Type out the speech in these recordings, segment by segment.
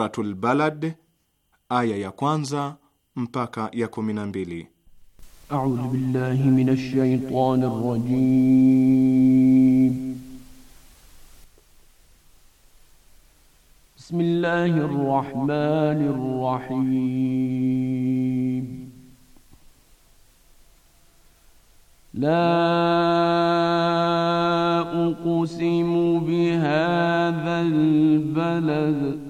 Suratul Balad aya ya kwanza mpaka ya kumi na mbili. A'udhu billahi minash shaitanir rajim. Bismillahir rahmanir rahim. لا أقسم بهذا البلد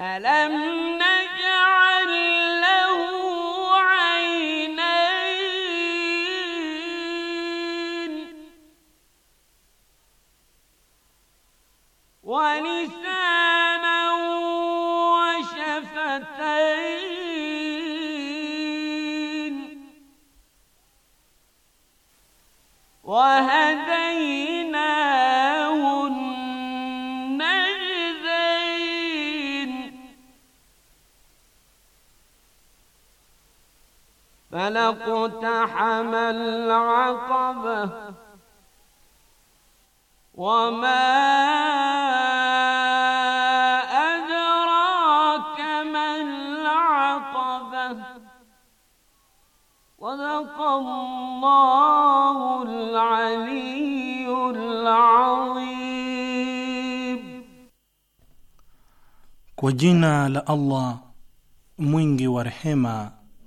ألم نجعل له عينين ولسانا وشفتين فلا حمل العقبة وما أدراك ما العقبة وذق الله العلي العظيم kwa لألله la Allah mwingi wa rehema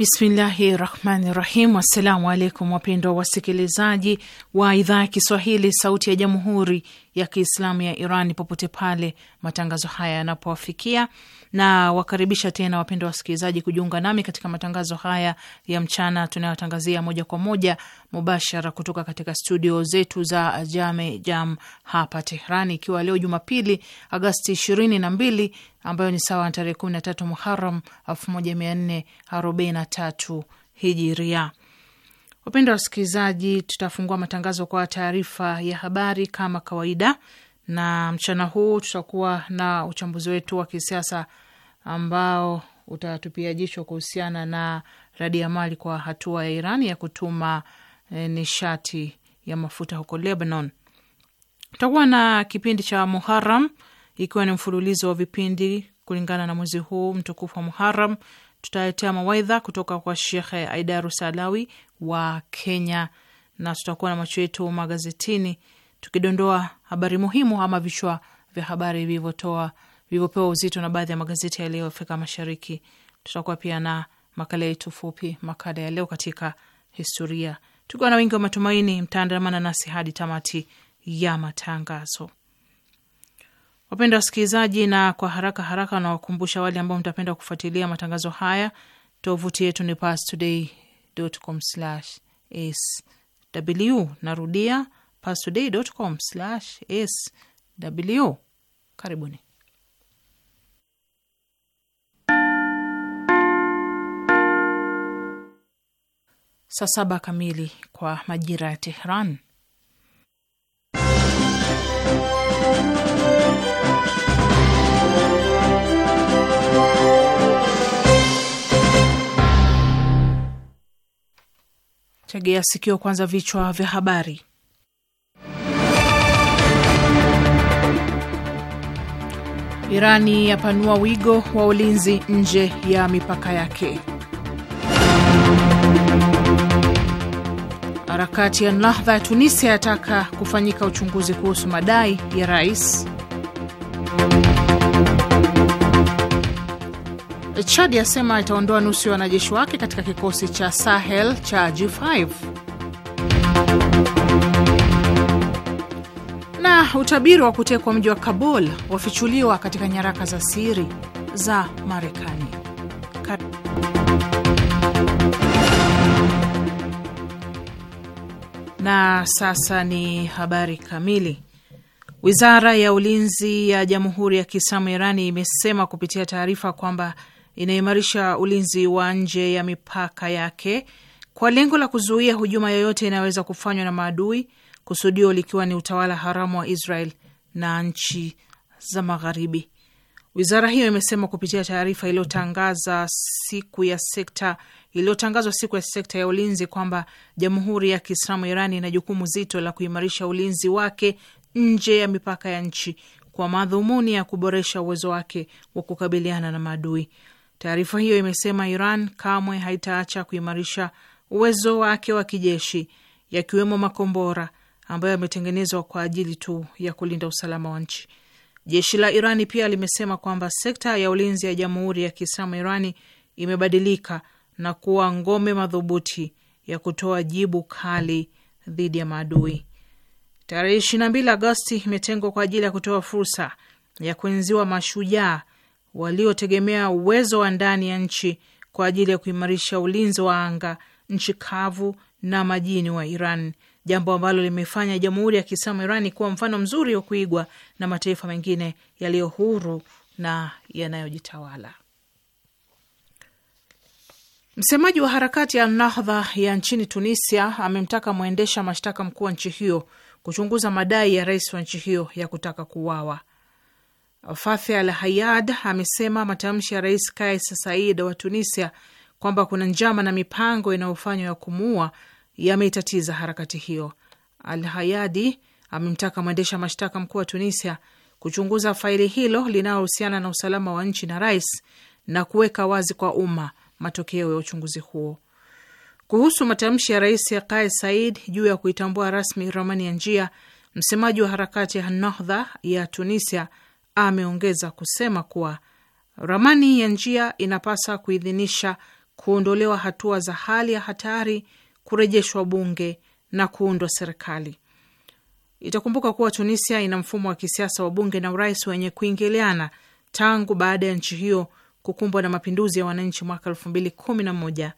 Bismillahi rahmani rahim. Assalamu alaikum wapendwa wasikilizaji wa idhaa ya Kiswahili sauti ya jamhuri ya Kiislamu ya Iran popote pale matangazo haya yanapowafikia, na wakaribisha tena wapendwa wasikilizaji kujiunga nami katika matangazo haya ya mchana tunayotangazia moja kwa moja mubashara kutoka katika studio zetu za Jame Jam hapa Tehrani, ikiwa leo Jumapili Agasti ishirini na mbili ambayo ni sawa na tarehe kumi na tatu Muharam elfu moja mia nne arobaini na tatu hijiria. Wapendwa wasikilizaji, tutafungua matangazo kwa taarifa ya habari kama kawaida, na mchana huu tutakuwa na uchambuzi wetu wa kisiasa ambao utatupia jicho kuhusiana na radi ya mali kwa hatua ya Iran ya kutuma e, nishati ya mafuta huko Lebanon. Tutakuwa na kipindi cha Muharam ikiwa ni mfululizo wa vipindi kulingana na mwezi huu mtukufu wa Muharam. Tutaletea mawaidha kutoka kwa Shekhe aidarusalawi wa Kenya, na tutakuwa na macho yetu magazetini tukidondoa habari muhimu ama vichwa vya habari vilivyotoa vilivyopewa uzito na baadhi ya magazeti ya leo Afrika Mashariki. Tutakuwa pia na makala yetu fupi, makala ya leo katika historia, tukiwa na wingi wa matumaini. Mtaandamana nasi hadi tamati ya matangazo. Wapenda wasikilizaji, na kwa haraka haraka nawakumbusha wale ambao mtapenda kufuatilia matangazo haya, tovuti yetu ni pastoday com sw. Narudia pastoday sw. Karibuni. Saa saba kamili kwa majira ya Tehran Tegea sikio kwanza, vichwa vya habari. Irani yapanua wigo wa ulinzi nje ya mipaka yake. Harakati ya Nahdha ya Tunisia yataka kufanyika uchunguzi kuhusu madai ya rais Chad yasema itaondoa nusu ya wanajeshi wake katika kikosi cha Sahel cha G5. Na utabiri wa kutekwa mji wa Kabul wafichuliwa katika nyaraka za siri za Marekani. Na sasa ni habari kamili. Wizara ya ulinzi ya Jamhuri ya Kiislamu Irani imesema kupitia taarifa kwamba inaimarisha ulinzi wa nje ya mipaka yake kwa lengo la kuzuia hujuma yoyote inayoweza kufanywa na maadui, kusudio likiwa ni utawala haramu wa Israel na nchi za Magharibi. Wizara hiyo imesema kupitia taarifa iliyotangaza siku ya sekta iliyotangazwa siku ya sekta ya ulinzi kwamba Jamhuri ya Kiislamu Irani ina jukumu zito la kuimarisha ulinzi wake nje ya mipaka ya nchi kwa madhumuni ya kuboresha uwezo wake wa kukabiliana na maadui. Taarifa hiyo imesema Iran kamwe haitaacha kuimarisha uwezo wake wa kijeshi, yakiwemo makombora ambayo yametengenezwa kwa ajili tu ya kulinda usalama wa nchi. Jeshi la Irani pia limesema kwamba sekta ya ulinzi ya Jamhuri ya Kiislamu Irani imebadilika na kuwa ngome madhubuti ya kutoa jibu kali dhidi ya maadui. Tarehe 22 Agosti imetengwa kwa ajili ya kutoa fursa ya kuenziwa mashujaa waliotegemea uwezo wa ndani ya nchi kwa ajili ya kuimarisha ulinzi wa anga, nchi kavu na majini wa Iran, jambo ambalo limefanya Jamhuri ya Kiislamu iran kuwa mfano mzuri wa kuigwa na mataifa mengine yaliyo huru na yanayojitawala. Msemaji wa harakati ya Nahdha ya nchini Tunisia amemtaka mwendesha mashtaka mkuu wa nchi hiyo kuchunguza madai ya rais wa nchi hiyo ya kutaka kuuawa. Fafe Al Hayad amesema matamshi ya Rais Kais Said wa Tunisia kwamba kuna njama na mipango inayofanywa ya kumuua yameitatiza harakati hiyo. Al Hayadi amemtaka mwendesha mashtaka mkuu wa Tunisia kuchunguza faili hilo linalohusiana na usalama wa nchi na rais na kuweka wazi kwa umma matokeo ya uchunguzi huo. Kuhusu matamshi ya rais ya Kais Said juu ya kuitambua rasmi Romania njia, msemaji wa harakati ya Nahdha ya Tunisia ameongeza kusema kuwa ramani ya njia inapasa kuidhinisha kuondolewa hatua za hali ya hatari, kurejeshwa bunge na kuundwa serikali. Itakumbuka kuwa Tunisia ina mfumo wa kisiasa wa bunge na urais wenye kuingiliana tangu baada ya nchi hiyo kukumbwa na mapinduzi ya wananchi mwaka elfu mbili kumi na moja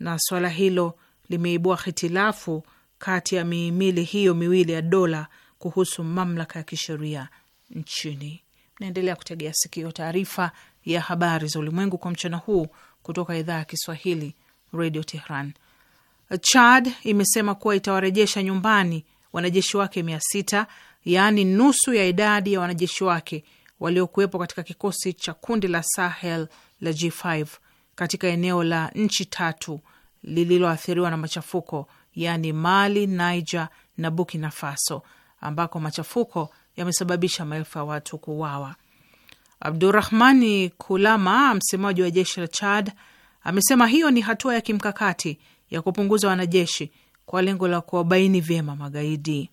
na swala hilo limeibua hitilafu kati ya mihimili hiyo miwili ya dola kuhusu mamlaka ya kisheria nchini. Naendelea kutegea sikio taarifa ya habari za ulimwengu kwa mchana huu kutoka idhaa ya Kiswahili Radio Tehran. Chad imesema kuwa itawarejesha nyumbani wanajeshi wake mia sita yaani nusu ya idadi ya wanajeshi wake waliokuwepo katika kikosi cha kundi la Sahel la G5 katika eneo la nchi tatu lililoathiriwa na machafuko, yaani Mali, Niger na Burkina Faso, ambako machafuko yamesababisha maelfu ya watu kuuawa. Abdurahmani Kulama, msemaji wa jeshi la Chad, amesema hiyo ni hatua ya kimkakati ya kupunguza wanajeshi kwa lengo la kuwabaini vyema magaidi.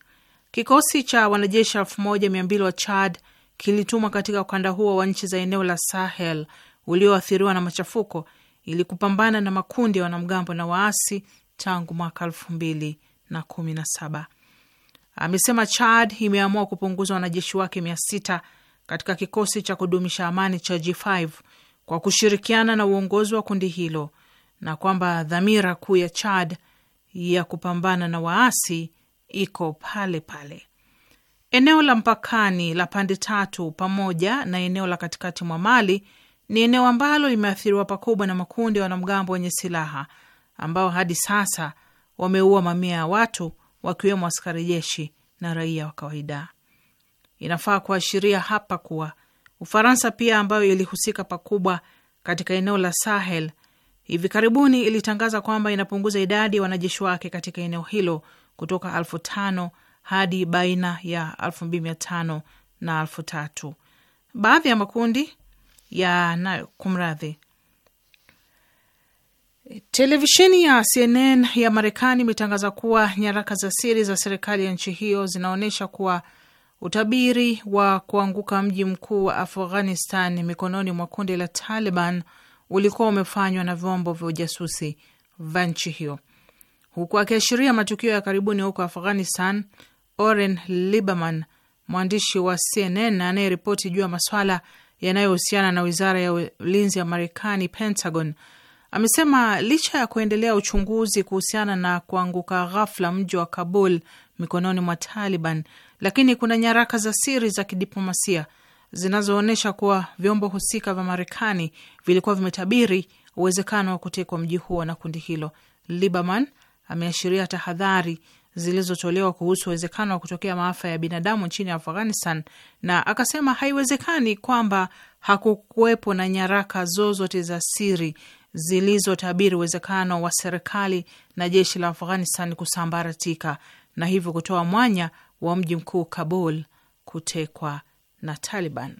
Kikosi cha wanajeshi elfu moja mia mbili wa Chad kilitumwa katika ukanda huo wa nchi za eneo la Sahel ulioathiriwa na machafuko ili kupambana na makundi ya wanamgambo na waasi tangu mwaka elfu mbili na kumi na saba amesema Chad imeamua kupunguza wanajeshi wake mia sita katika kikosi cha kudumisha amani cha G5 kwa kushirikiana na uongozi wa kundi hilo na kwamba dhamira kuu ya Chad ya kupambana na waasi iko pale pale. Eneo la mpakani la pande tatu pamoja na eneo la katikati mwa Mali ni eneo ambalo limeathiriwa pakubwa na makundi ya wanamgambo wenye silaha ambao hadi sasa wameua mamia ya watu wakiwemo askari jeshi na raia wa kawaida. Inafaa kuashiria hapa kuwa Ufaransa pia, ambayo ilihusika pakubwa katika eneo la Sahel, hivi karibuni ilitangaza kwamba inapunguza idadi ya wanajeshi wake katika eneo hilo kutoka elfu tano hadi baina ya elfu mbili mia tano na elfu tatu. Baadhi ya makundi ya kumradhi Televisheni ya CNN ya Marekani imetangaza kuwa nyaraka za siri za serikali ya nchi hiyo zinaonyesha kuwa utabiri wa kuanguka mji mkuu wa Afghanistan mikononi mwa kundi la Taliban ulikuwa umefanywa na vyombo vya ujasusi vya nchi hiyo. Huku akiashiria matukio ya karibuni huko Afghanistan, Oren liberman mwandishi wa CNN anayeripoti juu ya maswala yanayohusiana na wizara ya ulinzi ya Marekani, Pentagon, amesema licha ya kuendelea uchunguzi kuhusiana na kuanguka ghafla mji wa Kabul mikononi mwa Taliban, lakini kuna nyaraka za siri za kidiplomasia zinazoonyesha kuwa vyombo husika vya Marekani vilikuwa vimetabiri uwezekano wa kutekwa mji huo na kundi hilo. Liberman ameashiria tahadhari zilizotolewa kuhusu uwezekano wa kutokea maafa ya binadamu nchini Afghanistan na akasema haiwezekani kwamba hakukuwepo na nyaraka zozote za siri zilizotabiri uwezekano wa serikali na jeshi la Afghanistan kusambaratika na hivyo kutoa mwanya wa mji mkuu Kabul kutekwa na Taliban.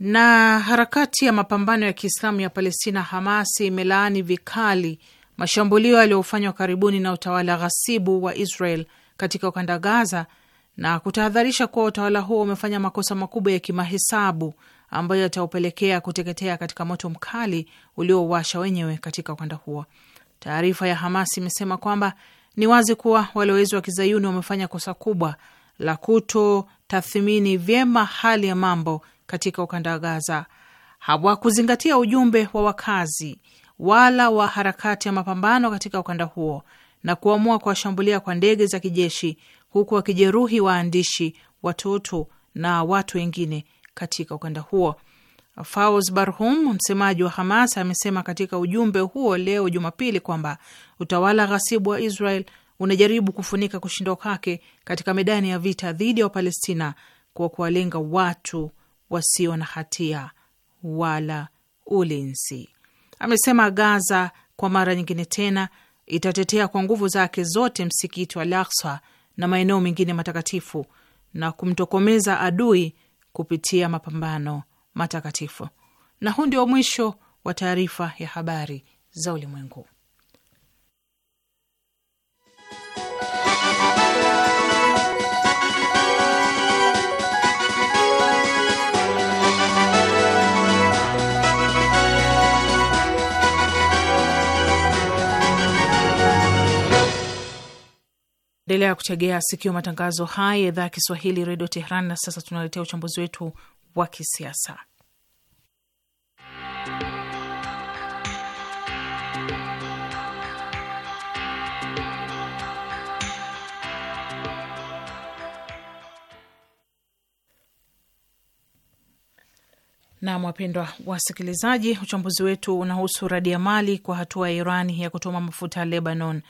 Na harakati ya mapambano ya Kiislamu ya Palestina, Hamasi, imelaani vikali mashambulio yaliyofanywa karibuni na utawala ghasibu wa Israel katika ukanda Gaza na kutahadharisha kuwa utawala huo umefanya makosa makubwa ya kimahesabu ambayo yataupelekea kuteketea katika moto mkali uliowasha wenyewe katika ukanda huo. Taarifa ya Hamas imesema kwamba ni wazi kuwa walowezi wa kizayuni wamefanya kosa kubwa la tathmini vyema hali ya mambo katika ukanda wa Gaza. Hawakuzingatia ujumbe wa wakazi wala wa harakati ya mapambano katika ukanda huo na kuamua kuwashambulia kwa ndege za kijeshi, huku wakijeruhi waandishi, watoto na watu wengine katika ukanda huo. faus Barhum, msemaji wa Hamas, amesema katika ujumbe huo leo Jumapili kwamba utawala ghasibu wa Israel unajaribu kufunika kushindwa kwake katika medani ya vita dhidi ya Wapalestina kwa kuwalenga watu wasio na hatia wala ulinzi. Amesema Gaza kwa mara nyingine tena itatetea kwa nguvu zake zote msikiti wa Al-Aqsa na maeneo mengine matakatifu na kumtokomeza adui kupitia mapambano matakatifu. Na huu ndio mwisho wa taarifa ya habari za ulimwengu. Endelea kutegea sikio matangazo haya ya idhaa ya Kiswahili redio Tehran. Na sasa tunaletea uchambuzi wetu wa kisiasa Nam, wapendwa wasikilizaji, uchambuzi wetu unahusu radi ya mali kwa hatua ya Iran ya kutuma mafuta Lebanon.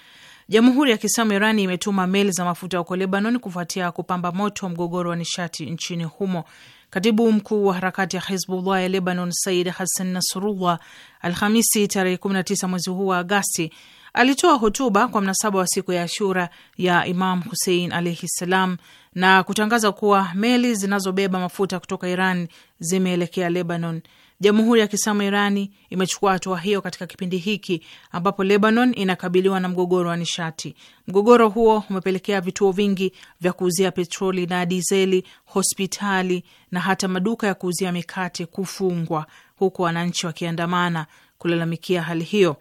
Jamhuri ya Kiislamu Irani imetuma meli za mafuta huko Lebanon kufuatia kupamba moto mgogoro wa nishati nchini humo. Katibu mkuu wa harakati ya Hizbullah ya Lebanon Said Hassan Nasrullah Alhamisi tarehe 19 mwezi huu wa Agasti alitoa hotuba kwa mnasaba wa siku ya Ashura ya Imam Husein alaihi ssalam na kutangaza kuwa meli zinazobeba mafuta kutoka Iran zimeelekea Lebanon. Jamhuri ya Kiislamu Irani imechukua hatua hiyo katika kipindi hiki ambapo Lebanon inakabiliwa na mgogoro wa nishati. Mgogoro huo umepelekea vituo vingi vya kuuzia petroli na dizeli, hospitali na hata maduka ya kuuzia mikate kufungwa, huku wananchi wakiandamana kulalamikia hali hiyo.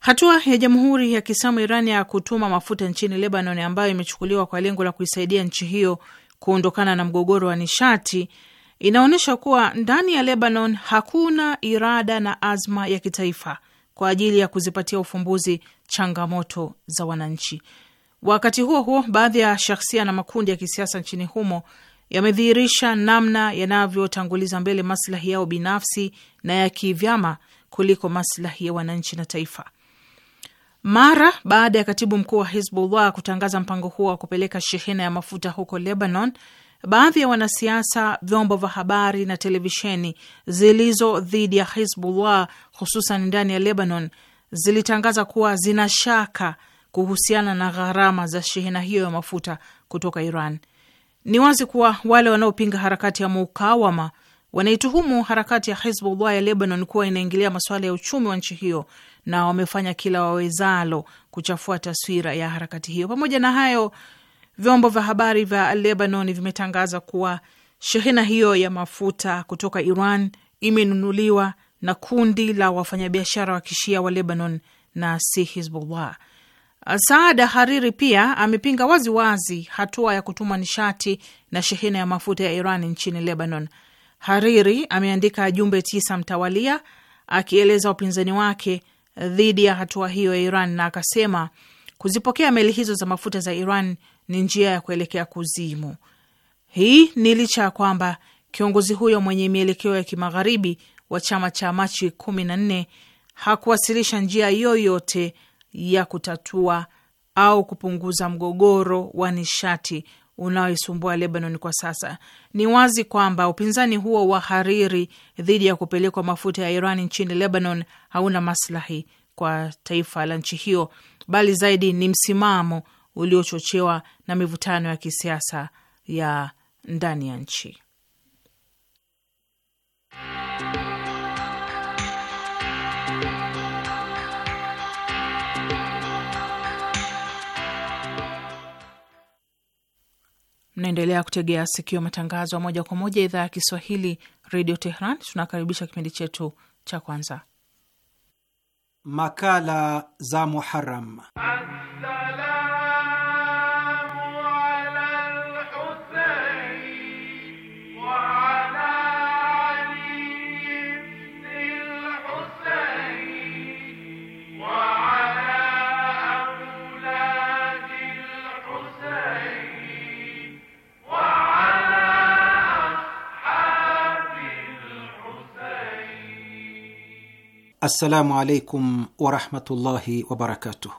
Hatua ya Jamhuri ya Kiislamu Iran ya kutuma mafuta nchini Lebanon ambayo imechukuliwa kwa lengo la kuisaidia nchi hiyo kuondokana na mgogoro wa nishati inaonyesha kuwa ndani ya Lebanon hakuna irada na azma ya kitaifa kwa ajili ya kuzipatia ufumbuzi changamoto za wananchi. Wakati huo huo, baadhi ya shahsia na makundi ya kisiasa nchini humo yamedhihirisha namna yanavyotanguliza mbele maslahi yao binafsi na ya kivyama kuliko maslahi ya wananchi na taifa. Mara baada ya katibu mkuu wa Hizbullah kutangaza mpango huo wa kupeleka shehena ya mafuta huko Lebanon, Baadhi ya wanasiasa, vyombo vya habari na televisheni zilizo dhidi ya Hizbullah, hususan ndani ya Lebanon, zilitangaza kuwa zina shaka kuhusiana na gharama za shehena hiyo ya mafuta kutoka Iran. Ni wazi kuwa wale wanaopinga harakati ya mukawama wanaituhumu harakati ya Hizbullah ya Lebanon kuwa inaingilia masuala ya uchumi wa nchi hiyo na wamefanya kila wawezalo kuchafua taswira ya harakati hiyo. Pamoja na hayo Vyombo vya habari vya Lebanon vimetangaza kuwa shehena hiyo ya mafuta kutoka Iran imenunuliwa na kundi la wafanyabiashara wa kishia wa Lebanon na si Hizbullah. Saada Hariri pia amepinga waziwazi hatua ya kutuma nishati na shehena ya mafuta ya Iran nchini Lebanon. Hariri ameandika jumbe tisa mtawalia akieleza upinzani wake dhidi ya hatua hiyo ya Iran na akasema kuzipokea meli hizo za mafuta za Iran ni njia ya kuelekea kuzimu. Hii ni licha ya kwamba kiongozi huyo mwenye mielekeo ya kimagharibi wa chama cha Machi kumi na nne hakuwasilisha njia yoyote ya kutatua au kupunguza mgogoro wa nishati unaoisumbua Lebanon kwa sasa. Ni wazi kwamba upinzani huo wa hariri dhidi ya kupelekwa mafuta ya Iran nchini Lebanon hauna maslahi kwa taifa la nchi hiyo, bali zaidi ni msimamo uliochochewa na mivutano ya kisiasa ya ndani ya nchi. Mnaendelea kutegea sikio matangazo ya moja kwa moja idhaa ya Kiswahili redio Tehran. Tunakaribisha kipindi chetu cha kwanza, makala za Muharam. Assalam. Assalamu alaikum warahmatullahi wabarakatuh.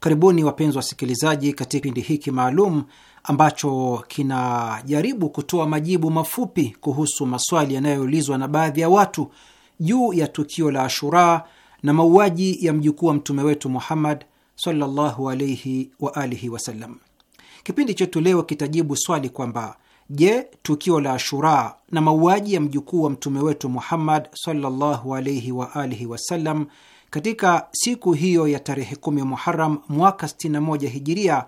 Karibuni wapenzi wasikilizaji, katika kipindi hiki maalum ambacho kinajaribu kutoa majibu mafupi kuhusu maswali yanayoulizwa na baadhi ya watu juu ya tukio la Ashura na mauaji ya mjukuu wa mtume wetu Muhammad sallallahu alaihi wa alihi wasallam. Kipindi chetu leo kitajibu swali kwamba Je, tukio la Ashura na mauaji ya mjukuu wa mtume wetu Muhammad sallallahu alaihi wa alihi wasallam katika siku hiyo ya tarehe kumi Muharam mwaka 61 hijiria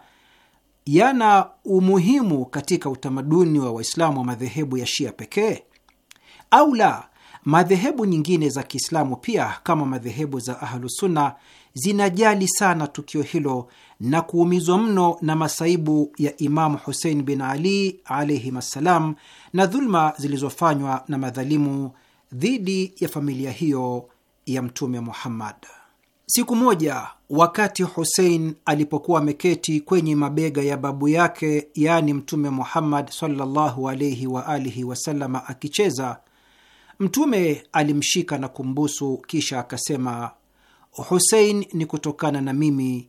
yana umuhimu katika utamaduni wa Waislamu wa madhehebu ya Shia pekee au la? Madhehebu nyingine za Kiislamu pia kama madhehebu za Ahlusunna zinajali sana tukio hilo na kuumizwa mno na masaibu ya Imamu Husein bin Ali alaihim assalam, na dhuluma zilizofanywa na madhalimu dhidi ya familia hiyo ya Mtume Muhammad. Siku moja wakati Husein alipokuwa ameketi kwenye mabega ya babu yake, yaani Mtume Muhammad sallallahu alaihi wa alihi wasalama, akicheza, Mtume alimshika na kumbusu, kisha akasema, Husein ni kutokana na mimi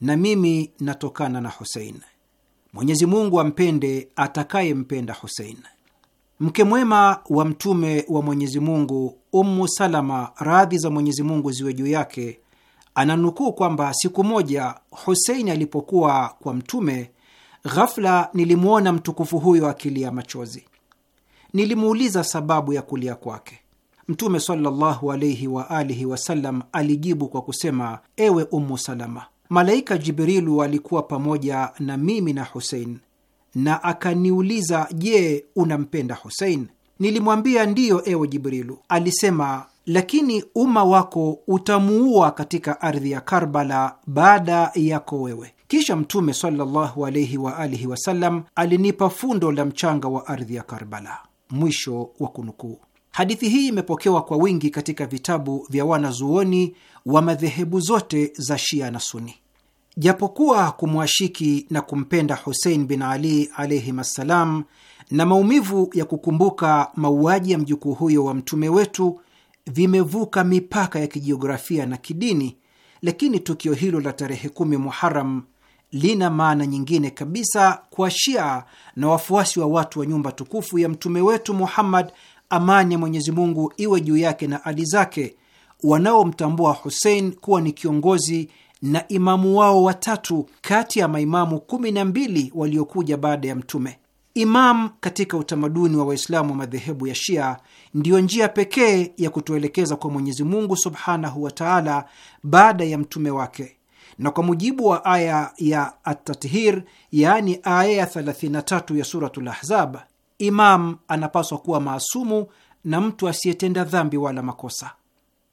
na mimi natokana na Husein. Mwenyezi Mungu ampende atakayempenda Husein. Mke mwema wa Mtume wa Mwenyezi Mungu, Ummu Salama, radhi za Mwenyezi Mungu ziwe juu yake, ananukuu kwamba siku moja Husein alipokuwa kwa Mtume, ghafla nilimwona mtukufu huyo akilia machozi. Nilimuuliza sababu ya kulia kwake. Mtume sallallahu alaihi waalihi wasallam alijibu kwa kusema, ewe Ummu Salama, Malaika Jibrilu alikuwa pamoja na mimi na Husein na akaniuliza, je, unampenda Husein? Nilimwambia ndiyo, ewe Jibrilu. Alisema, lakini umma wako utamuua katika ardhi ya Karbala baada yako wewe. Kisha Mtume sallallahu alaihi wa alihi wasallam alinipa fundo la mchanga wa ardhi ya Karbala. Mwisho wa kunukuu. Hadithi hii imepokewa kwa wingi katika vitabu vya wanazuoni wa madhehebu zote za Shia na Suni. Japokuwa kumwashiki na kumpenda Husein bin Ali alaihim assalam na maumivu ya kukumbuka mauaji ya mjukuu huyo wa mtume wetu vimevuka mipaka ya kijiografia na kidini, lakini tukio hilo la tarehe kumi Muharam lina maana nyingine kabisa kwa Shia na wafuasi wa watu wa nyumba tukufu ya mtume wetu Muhammad, amani ya Mwenyezi Mungu iwe juu yake na ali zake wanaomtambua Husein kuwa ni kiongozi na imamu wao watatu kati ya maimamu kumi na mbili waliokuja baada ya Mtume. Imam katika utamaduni wa Waislamu wa madhehebu ya Shia ndiyo njia pekee ya kutuelekeza kwa Mwenyezi Mungu subhanahu wa taala baada ya mtume wake, na kwa mujibu wa aya ya Atathir, yaani aya ya 33 ya Suratul Ahzab, imam anapaswa kuwa maasumu na mtu asiyetenda dhambi wala makosa.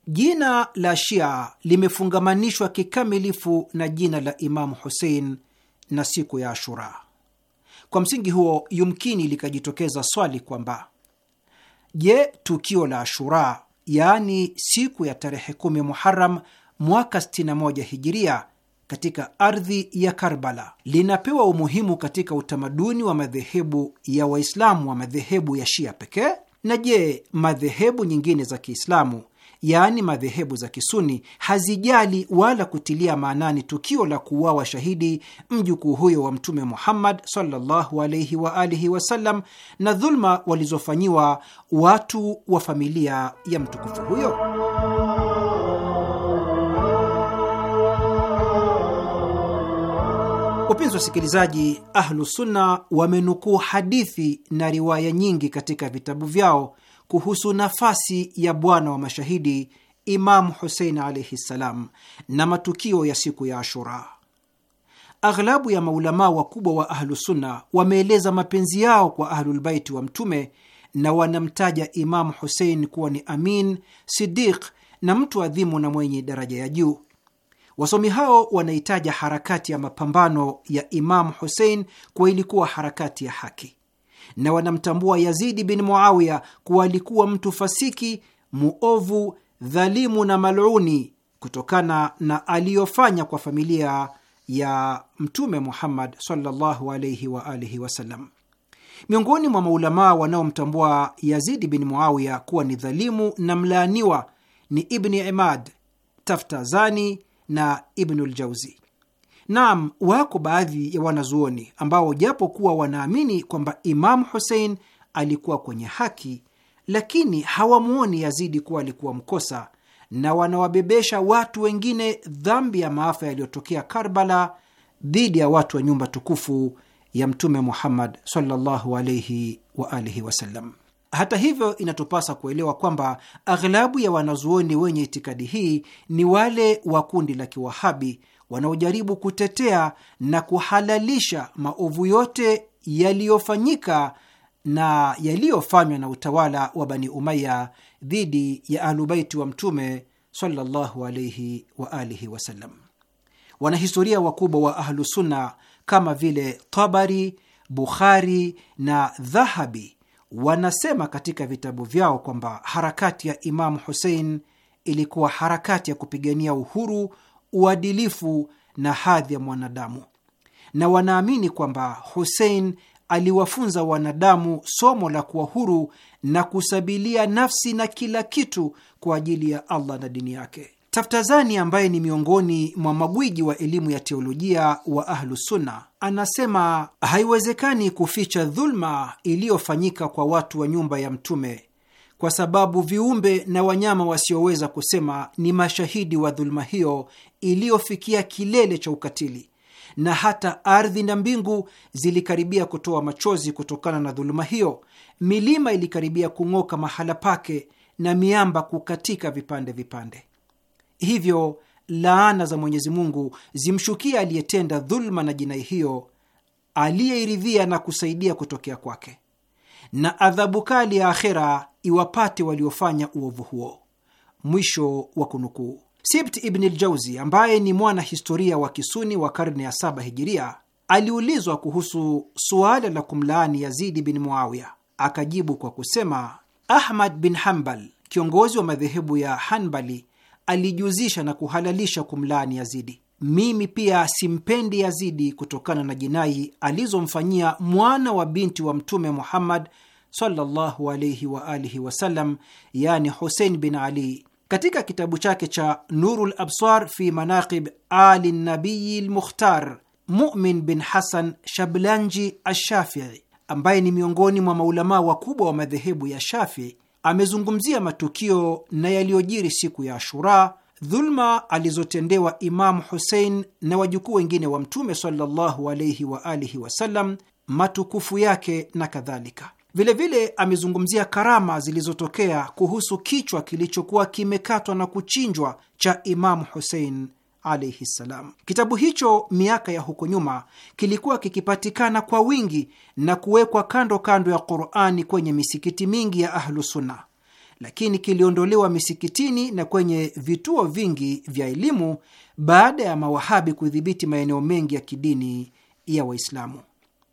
Jina la Shia limefungamanishwa kikamilifu na jina la Imamu Husein na siku ya Ashura. Kwa msingi huo, yumkini likajitokeza swali kwamba je, tukio la Ashura, yaani siku ya tarehe kumi Muharam mwaka 61 hijiria katika ardhi ya Karbala linapewa umuhimu katika utamaduni wa madhehebu ya Waislamu wa madhehebu ya Shia pekee? Na je, madhehebu nyingine za Kiislamu yaani madhehebu za Kisuni hazijali wala kutilia maanani tukio la kuuawa shahidi mjukuu huyo wa Mtume Muhammad sallallahu alaihi wa alihi wasallam na dhulma walizofanyiwa watu wa familia ya mtukufu huyo. Wapenzi wasikilizaji, Ahlusunna wamenukuu hadithi na riwaya nyingi katika vitabu vyao kuhusu nafasi ya bwana wa mashahidi Imamu Husein alaihi ssalam na matukio ya siku ya Ashura. Aghlabu ya maulamaa wakubwa wa Ahlusunna wameeleza mapenzi yao kwa Ahlulbaiti wa Mtume na wanamtaja Imamu Husein kuwa ni amin, sidiq na mtu adhimu na mwenye daraja ya juu. Wasomi hao wanaitaja harakati ya mapambano ya Imamu Husein kuwa ilikuwa harakati ya haki na wanamtambua Yazidi bin Muawiya kuwa alikuwa mtu fasiki, muovu, dhalimu na maluni kutokana na aliyofanya kwa familia ya Mtume Muhammad sallallahu alaihi wa alihi wasallam. Miongoni mwa maulamaa wanaomtambua Yazidi bin Muawiya kuwa ni dhalimu na mlaaniwa ni Ibni Imad, Taftazani na ibnuljauzi Naam, wako baadhi ya wanazuoni ambao japo kuwa wanaamini kwamba Imamu Husein alikuwa kwenye haki, lakini hawamwoni Yazidi kuwa alikuwa mkosa, na wanawabebesha watu wengine dhambi ya maafa yaliyotokea Karbala dhidi ya watu wa nyumba tukufu ya Mtume Muhammad sallallahu wa alihi wasallam. Hata hivyo, inatupasa kuelewa kwamba aghlabu ya wanazuoni wenye itikadi hii ni wale wa kundi la Kiwahabi wanaojaribu kutetea na kuhalalisha maovu yote yaliyofanyika na yaliyofanywa na utawala wa Bani Umaya dhidi ya Ahlubaiti wa Mtume sallallahu alaihi wa alihi wasallam. Wanahistoria wakubwa wa Ahlusunna kama vile Tabari, Bukhari na Dhahabi wanasema katika vitabu vyao kwamba harakati ya Imamu Husein ilikuwa harakati ya kupigania uhuru uadilifu na hadhi ya mwanadamu, na wanaamini kwamba Husein aliwafunza wanadamu somo la kuwa huru na kusabilia nafsi na kila kitu kwa ajili ya Allah na dini yake. Taftazani ambaye ni miongoni mwa magwiji wa elimu ya teolojia wa Ahlusunna anasema haiwezekani kuficha dhulma iliyofanyika kwa watu wa nyumba ya Mtume kwa sababu viumbe na wanyama wasioweza kusema ni mashahidi wa dhuluma hiyo iliyofikia kilele cha ukatili, na hata ardhi na mbingu zilikaribia kutoa machozi kutokana na dhuluma hiyo. Milima ilikaribia kung'oka mahala pake na miamba kukatika vipande vipande. Hivyo laana za Mwenyezi Mungu zimshukia aliyetenda dhuluma na jinai hiyo, aliyeiridhia na kusaidia kutokea kwake na adhabu kali ya akhera iwapate waliofanya uovu huo. Mwisho wa kunukuu. Sibt Ibn Ljauzi, ambaye ni mwana historia wa Kisuni wa karne ya saba hijiria, aliulizwa kuhusu suala la kumlaani Yazidi bin Muawiya, akajibu kwa kusema, Ahmad bin Hambal, kiongozi wa madhehebu ya Hanbali, alijuzisha na kuhalalisha kumlaani Yazidi mimi pia simpendi Yazidi kutokana na jinai alizomfanyia mwana wa binti wa Mtume Muhammad sallallahu alayhi wa alihi wasallam, yani Husein bin Ali. Katika kitabu chake cha Nurul Absar fi Manaqib Ali Nabiyi Lmukhtar, Mumin bin Hasan Shablanji Ashafii, ambaye ni miongoni mwa maulamaa wakubwa wa madhehebu ya Shafii, amezungumzia matukio na yaliyojiri siku ya ashuraa Dhulma alizotendewa Imamu Husein na wajukuu wengine wa Mtume sallallahu alaihi wa alihi wasallam, matukufu yake na kadhalika. Vilevile amezungumzia karama zilizotokea kuhusu kichwa kilichokuwa kimekatwa na kuchinjwa cha Imamu Husein alaihi ssalam. Kitabu hicho miaka ya huko nyuma kilikuwa kikipatikana kwa wingi na kuwekwa kando kando ya Qurani kwenye misikiti mingi ya Ahlusunna lakini kiliondolewa misikitini na kwenye vituo vingi vya elimu baada ya mawahabi kudhibiti maeneo mengi ya kidini ya Waislamu.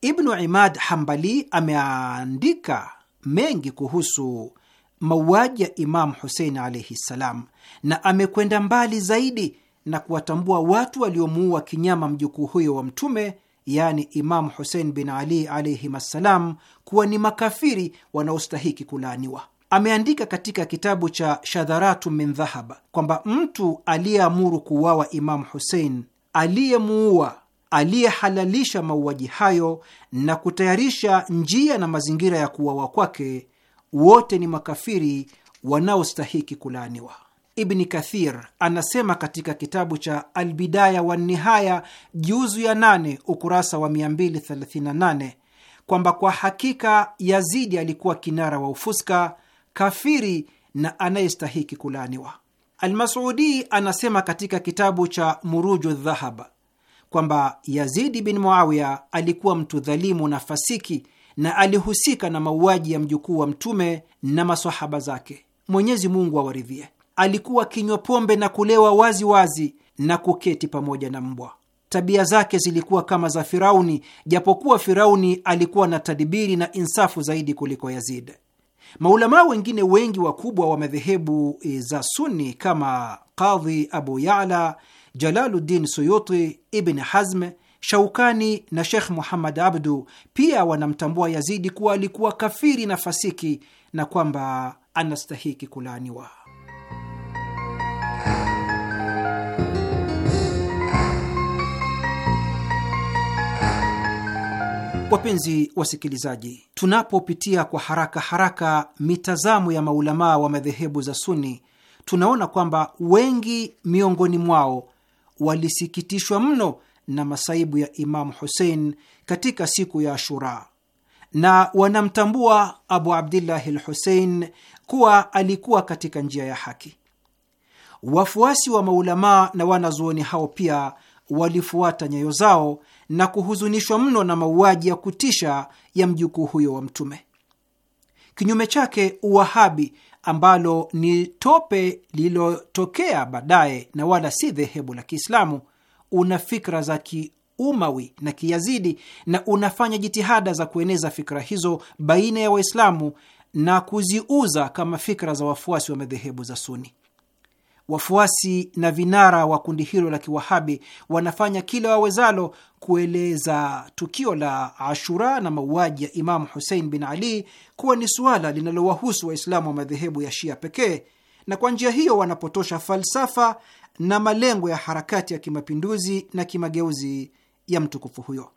Ibnu Imad Hambali ameandika mengi kuhusu mauaji ya Imamu Husein alaihi ssalam, na amekwenda mbali zaidi na kuwatambua watu waliomuua kinyama mjukuu huyo wa Mtume, yaani Imamu Husein bin Ali alaihim assalam, kuwa ni makafiri wanaostahiki kulaaniwa ameandika katika kitabu cha Shadharatu min Dhahaba kwamba mtu aliyeamuru kuuawa Imamu Husein, aliyemuua, aliyehalalisha mauaji hayo na kutayarisha njia na mazingira ya kuuawa kwake, wote ni makafiri wanaostahiki kulaaniwa. Ibni Kathir anasema katika kitabu cha Albidaya wa Nihaya juzu ya 8 ukurasa wa 238 kwamba kwa hakika Yazidi alikuwa kinara wa ufuska kafiri na anayestahiki kulaaniwa. Almasudi anasema katika kitabu cha Muruju Dhahab kwamba Yazidi bin Muawiya alikuwa mtu dhalimu na fasiki na alihusika na mauaji ya mjukuu wa Mtume na masahaba zake, Mwenyezi Mungu awaridhie. Alikuwa kinywa pombe na kulewa waziwazi wazi na kuketi pamoja na mbwa. Tabia zake zilikuwa kama za Firauni, japokuwa Firauni alikuwa na tadibiri na insafu zaidi kuliko Yazidi. Maulamaa wengine wengi wakubwa wa madhehebu e, za Sunni kama Qadhi Abu Yala, Jalaluddin Suyuti, Ibn Hazm, Shaukani na Shekh Muhammad Abdu pia wanamtambua Yazidi kuwa alikuwa kafiri na fasiki na kwamba anastahiki kulaaniwa. Wapenzi wasikilizaji, tunapopitia kwa haraka haraka mitazamo ya maulamaa wa madhehebu za Suni, tunaona kwamba wengi miongoni mwao walisikitishwa mno na masaibu ya Imamu Husein katika siku ya Ashura na wanamtambua Abu Abdillahi l Husein kuwa alikuwa katika njia ya haki. Wafuasi wa maulamaa na wanazuoni hao pia walifuata nyayo zao na kuhuzunishwa mno na mauaji ya kutisha ya mjukuu huyo wa Mtume. Kinyume chake, Uwahabi ambalo ni tope lililotokea baadaye na wala si dhehebu la Kiislamu, una fikra za Kiumawi na Kiyazidi na unafanya jitihada za kueneza fikra hizo baina ya Waislamu na kuziuza kama fikra za wafuasi wa madhehebu za Suni. Wafuasi na vinara wa kundi hilo la Kiwahabi wanafanya kila wawezalo kueleza tukio la Ashura na mauaji ya Imamu Husein bin Ali kuwa ni suala linalowahusu Waislamu wa madhehebu ya Shia pekee, na kwa njia hiyo wanapotosha falsafa na malengo ya harakati ya kimapinduzi na kimageuzi ya mtukufu huyo.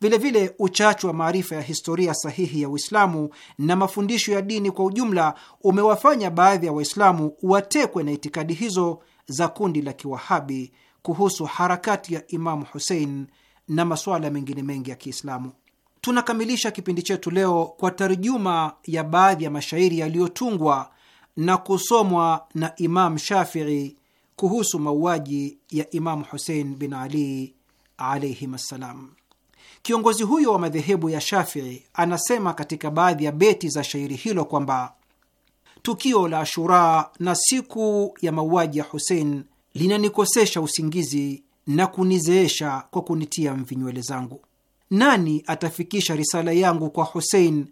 Vilevile, uchache wa maarifa ya historia sahihi ya Uislamu na mafundisho ya dini kwa ujumla umewafanya baadhi ya Waislamu watekwe na itikadi hizo za kundi la Kiwahabi kuhusu harakati ya Imamu Husein na masuala mengine mengi ya Kiislamu. Tunakamilisha kipindi chetu leo kwa tarjuma ya baadhi ya mashairi yaliyotungwa na kusomwa na Imam Shafii kuhusu mauaji ya Imamu Husein bin Ali alaihim assalam. Kiongozi huyo wa madhehebu ya Shafii anasema katika baadhi ya beti za shairi hilo kwamba tukio la Ashura na siku ya mauaji ya Husein linanikosesha usingizi na kunizeesha kwa kunitia mvinywele zangu. Nani atafikisha risala yangu kwa Husein,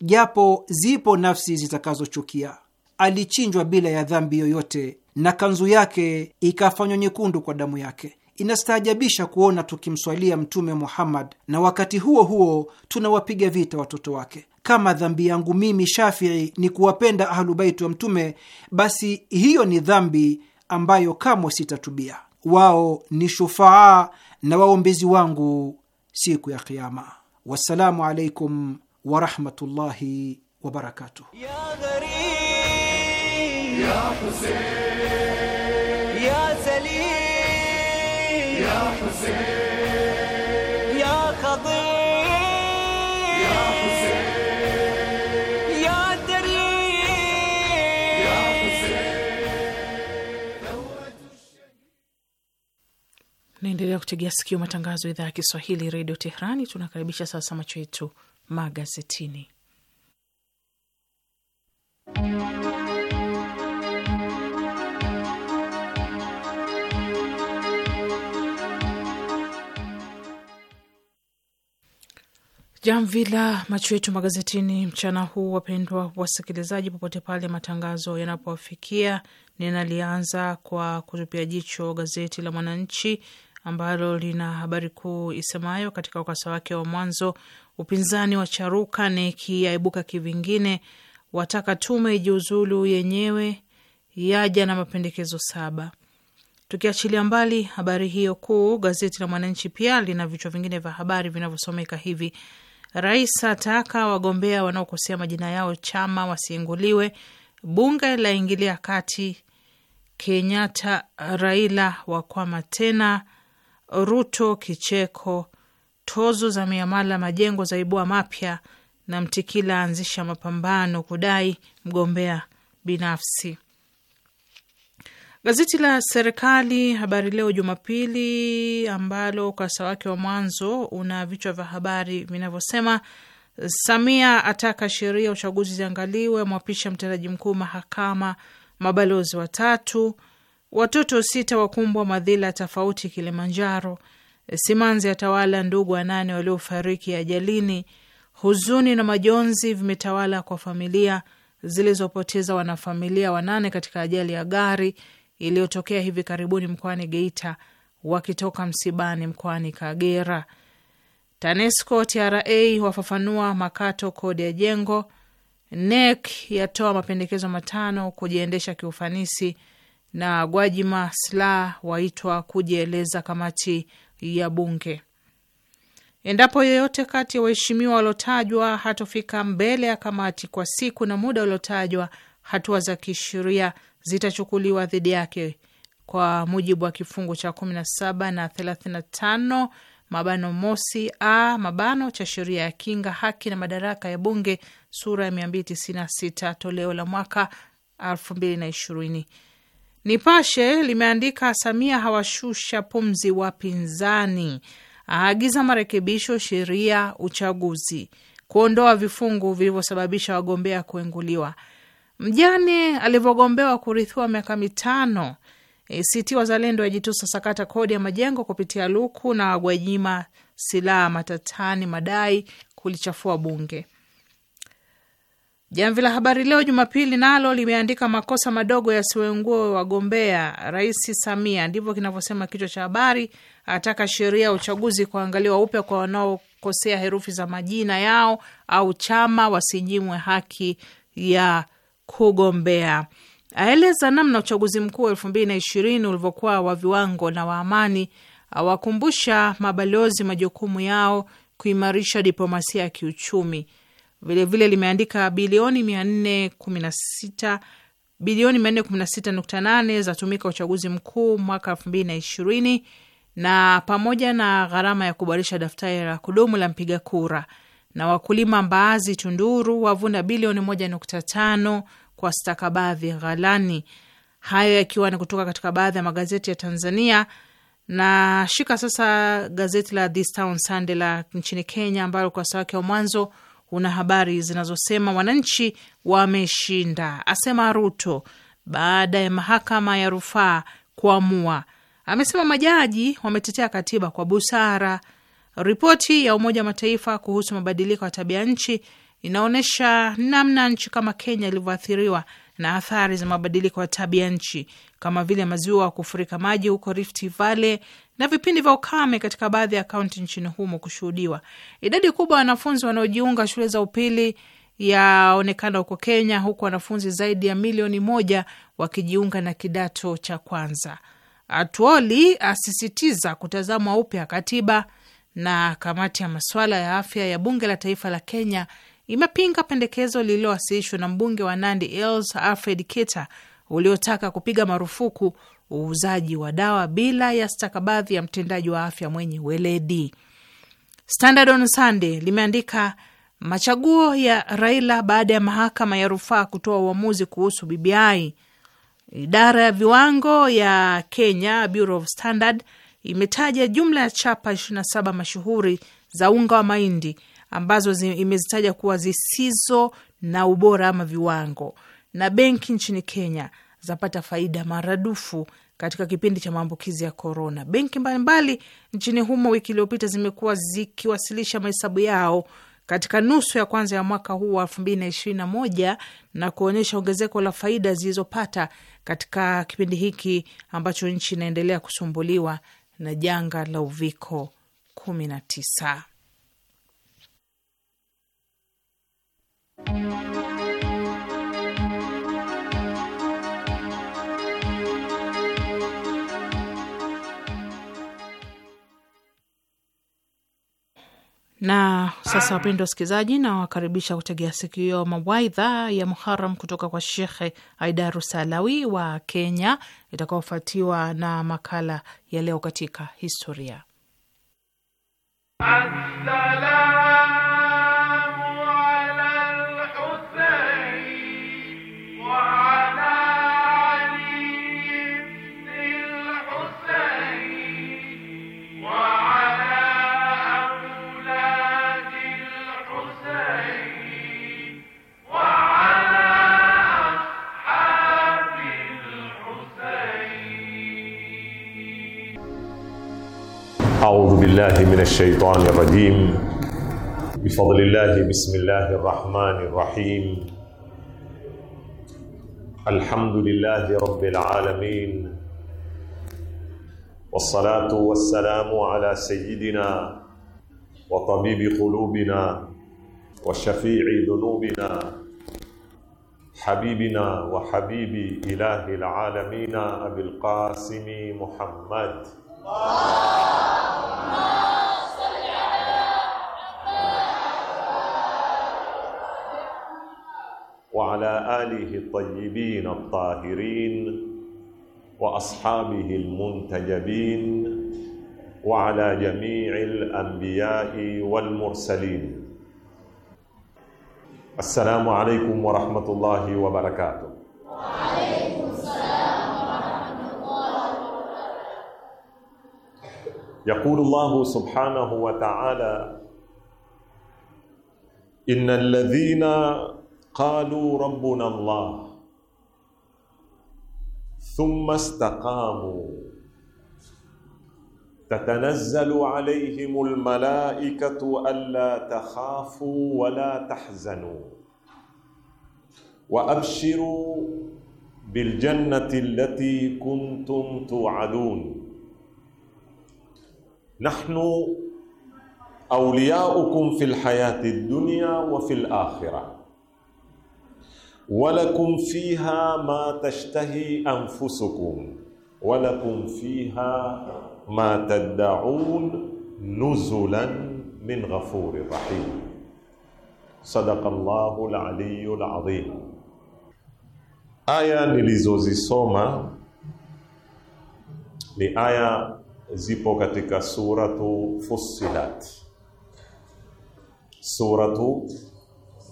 japo zipo nafsi zitakazochukia? Alichinjwa bila ya dhambi yoyote, na kanzu yake ikafanywa nyekundu kwa damu yake. Inastaajabisha kuona tukimswalia Mtume Muhammad na wakati huo huo tunawapiga vita watoto wake. Kama dhambi yangu mimi Shafii ni kuwapenda Ahlubaiti wa Mtume, basi hiyo ni dhambi ambayo kamwe sitatubia. Wao ni shufaa na waombezi wangu siku ya Kiama. Wassalamu alaikum warahmatullahi wabarakatuh. Naendelea kutegea sikio matangazo ya idhaa ya Kiswahili redio Teherani. Tunakaribisha sasa macho yetu magazetini Jamvi la macho yetu magazetini mchana huu, wapendwa wasikilizaji, popote pale matangazo yanapowafikia, ninalianza kwa kutupia jicho gazeti la Mwananchi ambalo lina habari kuu isemayo katika ukurasa wake wa mwanzo, upinzani wa charuka ni kiaibuka kivingine, wataka tume ijiuzulu yenyewe, yaja na mapendekezo saba. Tukiachilia mbali habari hiyo kuu, gazeti la Mwananchi pia lina vichwa vingine vya habari vinavyosomeka hivi: Rais ataka wagombea wanaokosea majina yao chama wasiinguliwe. Bunge laingilia kati. Kenyatta Raila wakwama tena. Ruto kicheko. Tozo za miamala majengo zaibua mapya, na Mtikila aanzisha mapambano kudai mgombea binafsi. Gazeti la serikali Habari Leo Jumapili, ambalo ukurasa wake wa mwanzo una vichwa vya habari vinavyosema: Samia ataka sheria ya uchaguzi ziangaliwe, mwapisha mtendaji mkuu mahakama, mabalozi watatu, watoto sita wakumbwa madhila tofauti Kilimanjaro, simanzi atawala ndugu wanane waliofariki ajalini, huzuni na majonzi vimetawala kwa familia zilizopoteza wanafamilia wanane katika ajali ya gari iliyotokea hivi karibuni mkoani Geita wakitoka msibani mkoani Kagera. TANESCO TRA wafafanua makato kodi ya jengo. NEC yatoa mapendekezo matano kujiendesha kiufanisi, na Gwajima Sla waitwa kujieleza kamati ya Bunge. Endapo yeyote kati ya waheshimiwa waliotajwa hatofika mbele ya kamati kwa siku na muda uliotajwa, hatua za kisheria zitachukuliwa dhidi yake kwa mujibu wa kifungu cha kumi na saba na thelathini na tano mabano mosi a mabano cha sheria ya kinga haki na madaraka ya bunge sura ya mia mbili tisini na sita toleo la mwaka elfu mbili na ishirini. Nipashe limeandika Samia hawashusha pumzi wapinzani, aagiza marekebisho sheria uchaguzi, kuondoa vifungu vilivyosababisha wagombea kuenguliwa Mjane alivyogombewa kurithiwa miaka mitano. ACT e, Wazalendo yajitusa sakata kodi ya majengo kupitia luku na Gwajima silaha matatani madai kulichafua bunge. Jamvi la Habari Leo Jumapili nalo limeandika makosa madogo yasiwengue wagombea Rais Samia, ndivyo kinavyosema kichwa cha habari. Ataka sheria ya uchaguzi kuangaliwa upya kwa wanaokosea herufi za majina yao au chama, wasijimwe haki ya kugombea. Aeleza namna uchaguzi mkuu wa elfu mbili na ishirini ulivyokuwa wa viwango na wa amani. Awakumbusha mabalozi majukumu yao kuimarisha diplomasia ya kiuchumi. Vilevile limeandika bilioni mia nne kumi na sita bilioni mia nne kumi na sita nukta nane zatumika uchaguzi mkuu mwaka elfu mbili na ishirini na pamoja na gharama ya kuboresha daftari la kudumu la mpiga kura na wakulima mbaazi Tunduru wavuna bilioni moja nukta tano kwa stakabadhi ghalani. Hayo yakiwa ni kutoka katika baadhi ya magazeti ya Tanzania. Na shika sasa gazeti la This Town Sunday la nchini Kenya, ambalo ukurasa wake wa mwanzo una habari zinazosema wananchi wameshinda, asema Ruto baada ya mahakama ya rufaa kuamua. Amesema majaji wametetea katiba kwa busara. Ripoti ya Umoja wa Mataifa kuhusu mabadiliko ya tabia nchi inaonyesha namna nchi kama Kenya ilivyoathiriwa na athari za mabadiliko ya tabia nchi kama vile maziwa kufurika maji huko Rift Valley na vipindi vya ukame katika baadhi ya kaunti nchini humo kushuhudiwa. Idadi kubwa ya wanafunzi wanaojiunga shule za upili yaonekana huko Kenya, huku wanafunzi zaidi ya milioni moja wakijiunga na kidato cha kwanza. Atuoli asisitiza kutazamwa upya katiba na kamati ya masuala ya afya ya bunge la taifa la Kenya imepinga pendekezo lililowasilishwa na mbunge wa Nandi Hills Alfred Kita uliotaka kupiga marufuku uuzaji wa dawa bila ya stakabadhi ya mtendaji wa afya mwenye weledi. Standard on Sunday limeandika machaguo ya Raila baada ya mahakama ya rufaa kutoa uamuzi kuhusu BBI. Idara ya viwango ya Kenya Bureau of Standard imetaja jumla ya chapa 27 mashuhuri za unga wa mahindi ambazo zi, imezitaja kuwa zisizo na ubora ama viwango, na benki nchini Kenya zapata faida maradufu katika kipindi cha maambukizi ya korona. Benki mbalimbali nchini humo wiki iliyopita zimekuwa zikiwasilisha mahesabu yao katika nusu ya kwanza ya mwaka huu wa elfu mbili na ishirini na moja na kuonyesha ongezeko la faida zilizopata katika kipindi hiki ambacho nchi inaendelea kusumbuliwa na janga la uviko 19. thank Na sasa, wapendwa wasikilizaji, nawakaribisha kutegea sikio mawaidha ya Muharam kutoka kwa Shekhe Aidaru Salawi wa Kenya, itakaofuatiwa na makala ya leo katika historia Asala. أعوذ بالله من الشيطان الرجيم بفضل الله بسم الله الرحمن الرحيم الحمد لله رب العالمين والصلاة والسلام على سيدنا وطبيب قلوبنا وشفيع ذنوبنا حبيبنا وحبيب إله العالمين أبي القاسم محمد وعلى آله الطيبين الطاهرين وأصحابه المنتجبين وعلى جميع الأنبياء والمرسلين السلام عليكم ورحمة الله وبركاته وعليكم يقول الله سبحانه وتعالى إن الذين قالوا ربنا الله ثم استقاموا تتنزل عليهم الملائكة ألا تخافوا ولا تحزنوا وأبشروا بالجنة التي كنتم توعدون نحن أولياؤكم في الحياة الدنيا وفي الآخرة ولكم فيها ما تشتهي أنفسكم ولكم فيها ما تدعون نزلا من غفور رحيم صدق الله العلي العظيم ايه nilizozisoma سوما لايه zipo katika suratu Fussilat, suratu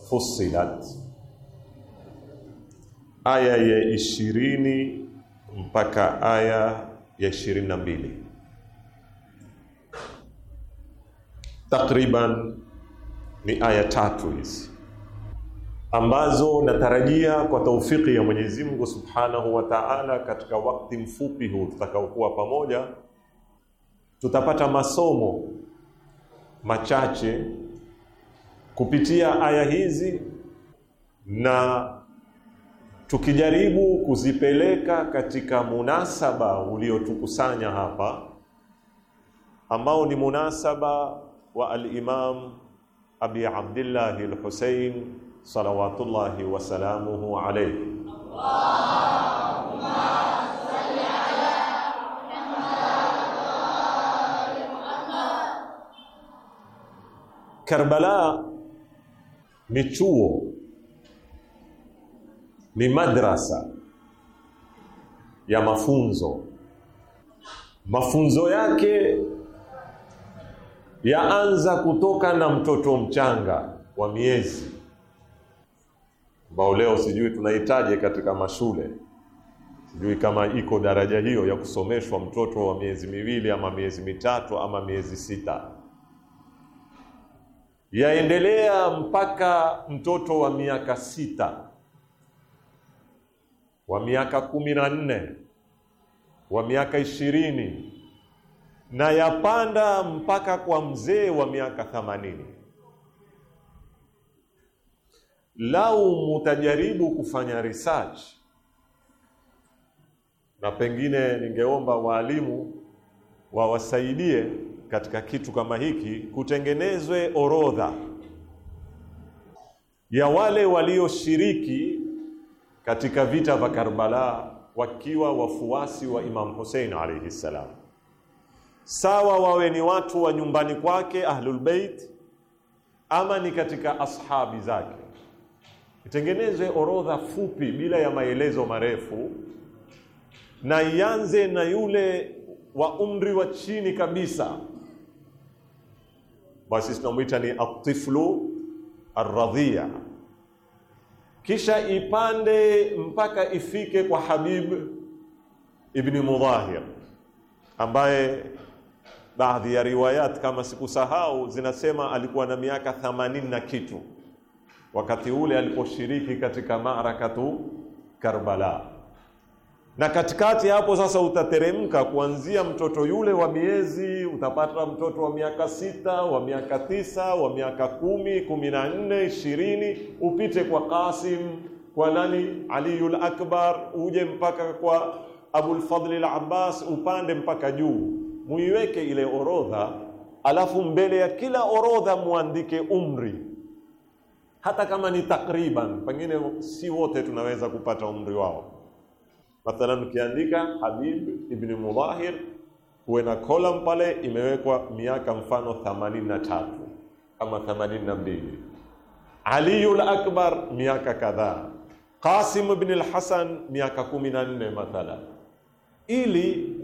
Fussilat, aya ya ishirini mpaka aya ya ishirini na mbili takriban ni aya tatu hizi ambazo natarajia kwa taufiki ya Mwenyezi Mungu Subhanahu wa Ta'ala, katika wakati mfupi huu tutakaokuwa pamoja tutapata masomo machache kupitia aya hizi na tukijaribu kuzipeleka katika munasaba uliotukusanya hapa ambao ni munasaba wa al-Imam Abi Abdullah al-Husayn salawatullahi wasalamuhu alayhi Allahumma Karbala ni chuo, ni madrasa ya mafunzo. Mafunzo yake yaanza kutoka na mtoto mchanga wa miezi ambao leo sijui tunahitaji katika mashule, sijui kama iko daraja hiyo ya kusomeshwa mtoto wa miezi miwili ama miezi mitatu ama miezi sita yaendelea mpaka mtoto wa miaka sita, wa miaka kumi na nne, wa miaka ishirini na yapanda mpaka kwa mzee wa miaka themanini. Lau mutajaribu kufanya research, na pengine ningeomba waalimu wawasaidie katika kitu kama hiki kutengenezwe orodha ya wale walioshiriki katika vita vya Karbala wakiwa wafuasi wa Imam Hussein alayhi salam, sawa wawe ni watu wa nyumbani kwake Ahlul Bait ama ni katika ashabi zake. Itengenezwe orodha fupi bila ya maelezo marefu, na ianze na yule wa umri wa chini kabisa basi tunamwita ni atiflu arradhia. Kisha ipande mpaka ifike kwa Habib ibni Mudhahir ambaye baadhi ya riwayat kama sikusahau zinasema alikuwa na miaka thamanini na kitu wakati ule aliposhiriki katika maarakatu Karbala na katikati hapo sasa utateremka kuanzia mtoto yule wa miezi, utapata mtoto wa miaka sita, wa miaka tisa, wa miaka kumi, kumi na nne, ishirini, upite kwa Qasim, kwa nani, Aliyul Akbar, uje mpaka kwa Abulfadli al Abbas, upande mpaka juu. Muiweke ile orodha, alafu mbele ya kila orodha muandike umri, hata kama ni takriban, pengine si wote tunaweza kupata umri wao Mathalan ukiandika Habib ibn Mudahir huwe na column pale imewekwa miaka mfano 83 ama 82. Aliul Akbar miaka kadhaa, Qasim ibn al-Hasan miaka 14 mathalan, ili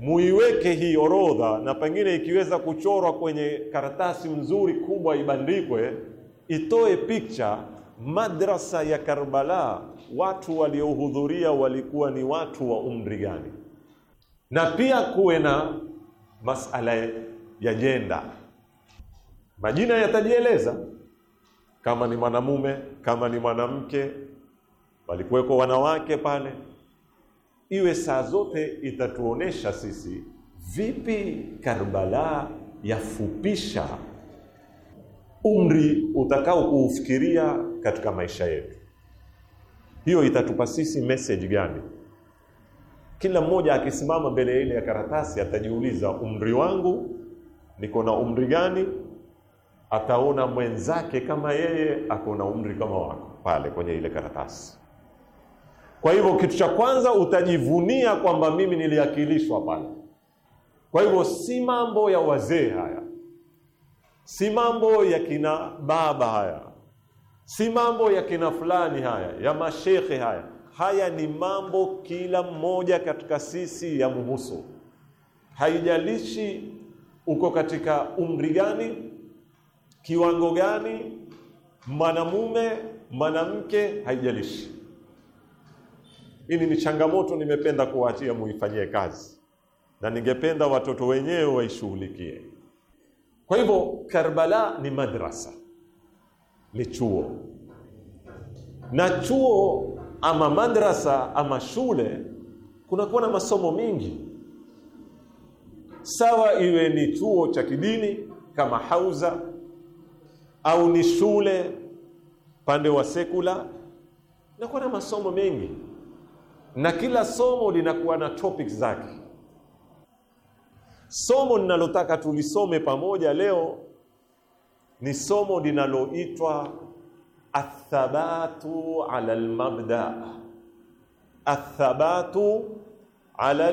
muiweke hii orodha, na pengine ikiweza kuchorwa kwenye karatasi nzuri kubwa ibandikwe, itoe picha madrasa ya Karbala watu waliohudhuria walikuwa ni watu wa umri gani, na pia kuwe na masala ya jenda. Majina yatajieleza kama ni mwanamume, kama ni mwanamke, walikuweko wanawake pale. Iwe saa zote itatuonesha sisi vipi Karbala yafupisha umri utakao kuufikiria katika maisha yetu. Hiyo itatupa sisi message gani? Kila mmoja akisimama mbele ile ya karatasi atajiuliza, umri wangu niko na umri gani? Ataona mwenzake kama yeye ako na umri kama wako pale kwenye ile karatasi. Kwa hivyo kitu cha kwanza utajivunia kwamba mimi niliakilishwa pale. Kwa hivyo si mambo ya wazee haya, si mambo ya kina baba haya, si mambo ya kina fulani haya ya mashekhe haya haya ni mambo kila mmoja katika sisi ya muhusu haijalishi uko katika umri gani kiwango gani mwanamume mwanamke haijalishi hili ni changamoto nimependa kuwaachia muifanyie kazi na ningependa watoto wenyewe waishughulikie kwa hivyo Karbala ni madrasa ni chuo, na chuo ama madrasa ama shule kunakuwa na masomo mengi, sawa iwe ni chuo cha kidini kama hauza au ni shule pande wa sekula, inakuwa na masomo mengi na kila somo linakuwa na topics zake. Somo ninalotaka tulisome pamoja leo ni somo linaloitwa athabatu ala almabda, athabatu ala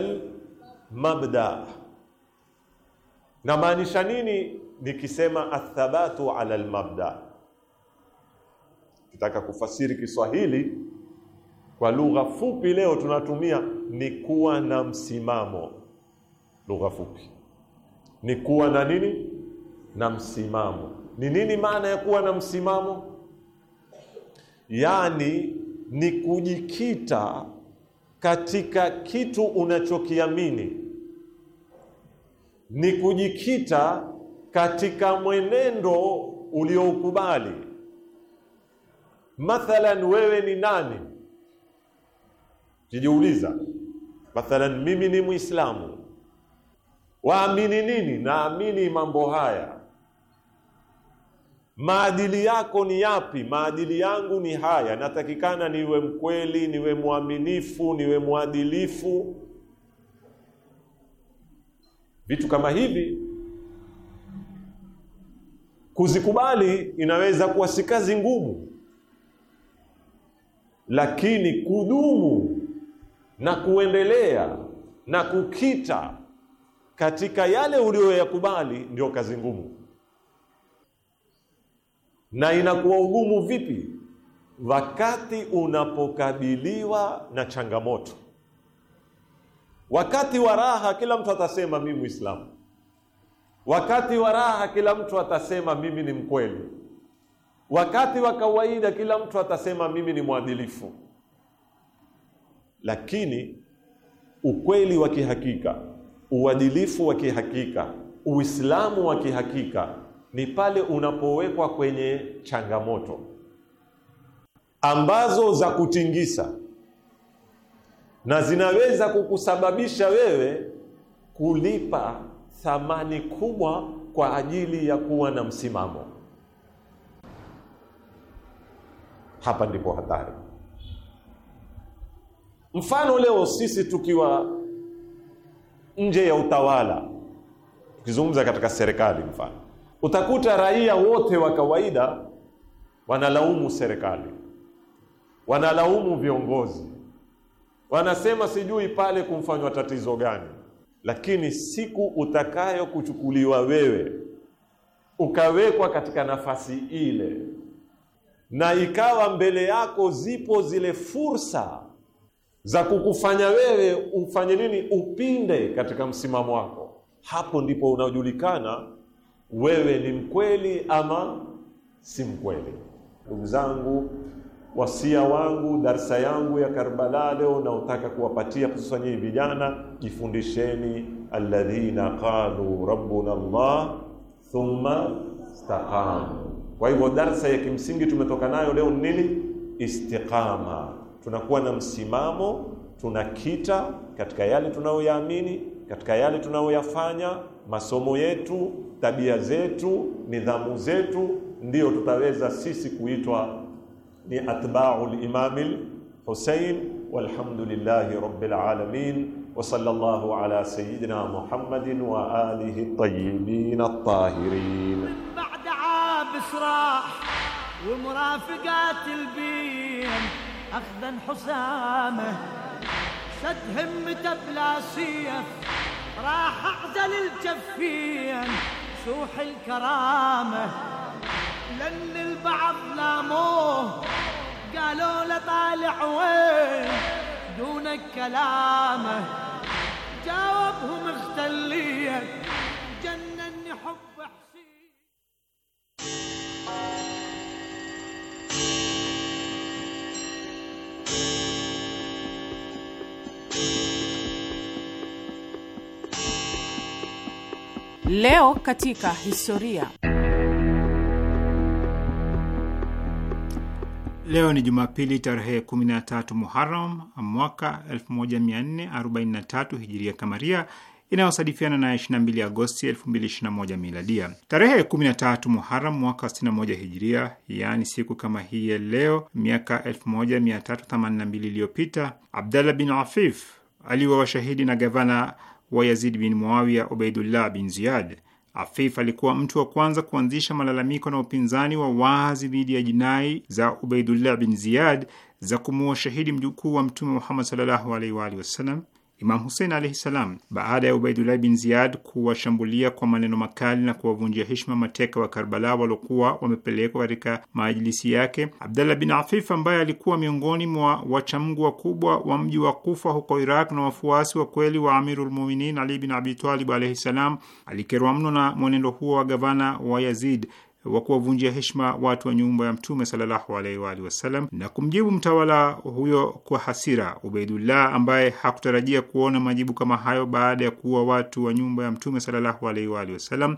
almabda. maanisha nini nikisema athabatu ala almabda? Kitaka kufasiri Kiswahili kwa lugha fupi, leo tunatumia ni kuwa na msimamo. Lugha fupi ni kuwa na nini? Na msimamo. Ni nini maana ya kuwa na msimamo? Yaani ni kujikita katika kitu unachokiamini, ni kujikita katika mwenendo ulioukubali. Mathalan, wewe ni nani? kijiuliza mathalan mimi ni Muislamu, waamini nini? Naamini mambo haya maadili yako ni yapi? Maadili yangu ni haya, natakikana niwe mkweli, niwe mwaminifu, niwe mwadilifu. Vitu kama hivi kuzikubali inaweza kuwa si kazi ngumu, lakini kudumu na kuendelea na kukita katika yale uliyoyakubali ndio kazi ngumu na inakuwa ugumu vipi? Wakati unapokabiliwa na changamoto. Wakati wa raha kila mtu atasema mimi Muislamu, wakati wa raha kila mtu atasema mimi ni mkweli, wakati wa kawaida kila mtu atasema mimi ni mwadilifu. Lakini ukweli wa kihakika, uadilifu wa kihakika, Uislamu wa kihakika ni pale unapowekwa kwenye changamoto ambazo za kutingisa na zinaweza kukusababisha wewe kulipa thamani kubwa kwa ajili ya kuwa na msimamo. Hapa ndipo hatari. Mfano, leo sisi tukiwa nje ya utawala, tukizungumza katika serikali, mfano Utakuta raia wote wa kawaida wanalaumu serikali, wanalaumu viongozi, wanasema sijui pale kumfanywa tatizo gani. Lakini siku utakayokuchukuliwa wewe ukawekwa katika nafasi ile, na ikawa mbele yako zipo zile fursa za kukufanya wewe ufanye nini, upinde katika msimamo wako, hapo ndipo unajulikana wewe ni mkweli ama si mkweli. Ndugu zangu, wasia wangu, darsa yangu ya Karbala leo naotaka kuwapatia hususan nyinyi vijana, jifundisheni alladhina qalu rabbuna Allah thumma istaqamu. Kwa hivyo darsa ya kimsingi tumetoka nayo leo ni nini? Istiqama. Tunakuwa na msimamo, tunakita katika yale tunayoyaamini, katika yale tunayoyafanya, masomo yetu tabia zetu, nidhamu zetu, ndio tutaweza sisi kuitwa ni atba'ul imamil Hussein. Walhamdulillahi rabbil alamin wa sallallahu ala sayyidina Muhammadin wa alihi at-tayyibin at-tahirin. بعد عاب سراح ومرافقات البين أخذا حسامه سد همته بلا سيف راح أعزل الجفين مفتوح الكرامة لأن البعض لاموه قالوا له طالع وين دونك كلامه جاوبهم اختليت جنني حب حسين Leo katika historia. Leo ni Jumapili tarehe 13 Muharam mwaka 1443 hijiria kamaria inayosadifiana na 22 Agosti 2021 miladia. Tarehe 13 Muharam mwaka 61 hijiria, yaani siku kama hii ya leo miaka 1382 iliyopita, Abdallah bin Afif aliwa washahidi na gavana wa Yazid bin Muawiya, Ubaidullah bin Ziyad. Afif alikuwa mtu wa kwanza kuanzisha malalamiko na upinzani wa wazi dhidi ya jinai za Ubaidullah bin Ziyad za kumuua shahidi mjukuu wa Mtume Muhammad sallallahu alaihi wa alihi wasallam Imam Husein alaihi salam, baada ya Ubaidullah bin Ziyad kuwashambulia kwa maneno makali na kuwavunjia heshima mateka wa Karbala waliokuwa wamepelekwa katika maajilisi yake, Abdallah bin Afif ambaye alikuwa miongoni mwa wachamgu wakubwa wa mji wa Kufa huko Iraq na wafuasi wa kweli wa Amirulmuminin Ali bin Abitalib alaihi salam, alikerwa mno na mwenendo huo wa gavana wa Yazid wa kuwavunjia heshima watu wa nyumba ya Mtume sallallahu alaihi wa alihi wasallam na kumjibu mtawala huyo kwa hasira. Ubeidullah ambaye hakutarajia kuona majibu kama hayo baada ya kuua watu wa nyumba ya Mtume sallallahu alaihi wa alihi wasallam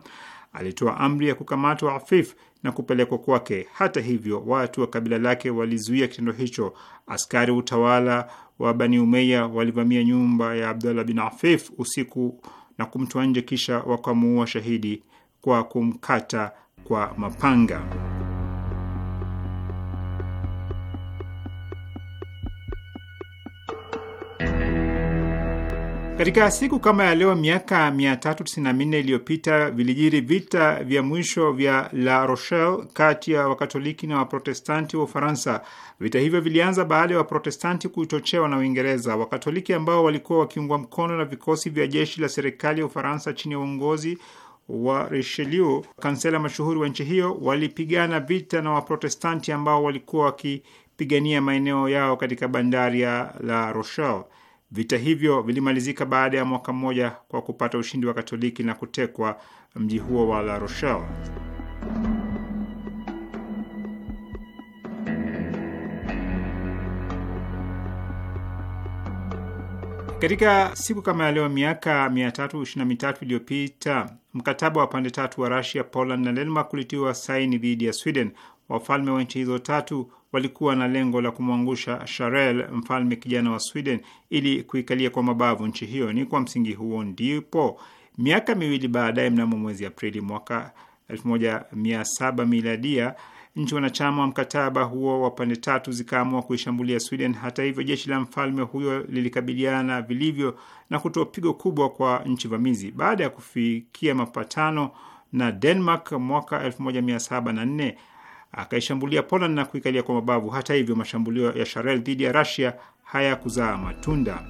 alitoa amri ya kukamatwa Afif na kupelekwa kwake. Hata hivyo, watu wa kabila lake walizuia kitendo hicho. Askari utawala wa Bani Umeya walivamia nyumba ya Abdullah bin Afif usiku na kumtoa nje, kisha wakamuua shahidi kwa kumkata kwa mapanga. Katika siku kama ya leo miaka 394 iliyopita vilijiri vita vya mwisho vya La Rochelle kati ya Wakatoliki na Waprotestanti wa Ufaransa. Vita hivyo vilianza baada ya Waprotestanti kuchochewa na Uingereza. Wakatoliki ambao walikuwa wakiungwa mkono na vikosi vya jeshi la serikali ya Ufaransa chini ya uongozi wa Richelieu, kansela mashuhuri wa nchi hiyo, walipigana vita na Waprotestanti ambao walikuwa wakipigania maeneo yao katika bandari ya La Rochelle. Vita hivyo vilimalizika baada ya mwaka mmoja kwa kupata ushindi wa Katoliki na kutekwa mji huo wa La Rochelle. Katika siku kama ya leo miaka 323 iliyopita mkataba wa pande tatu wa Rusia, Poland na Denmark ulitiwa saini dhidi ya Sweden. Wafalme wa nchi hizo tatu walikuwa na lengo la kumwangusha Sharel, mfalme kijana wa Sweden, ili kuikalia kwa mabavu nchi hiyo. Ni kwa msingi huo ndipo miaka miwili baadaye, mnamo mwezi Aprili mwaka 1700 miladia Nchi wanachama wa mkataba huo wa pande tatu zikaamua kuishambulia Sweden. Hata hivyo, jeshi la mfalme huyo lilikabiliana vilivyo na kutoa pigo kubwa kwa nchi vamizi. Baada ya kufikia mapatano na Denmark mwaka 1704 akaishambulia Poland na kuikalia kwa mabavu. Hata hivyo, mashambulio ya Sharel dhidi ya rasia hayakuzaa matunda.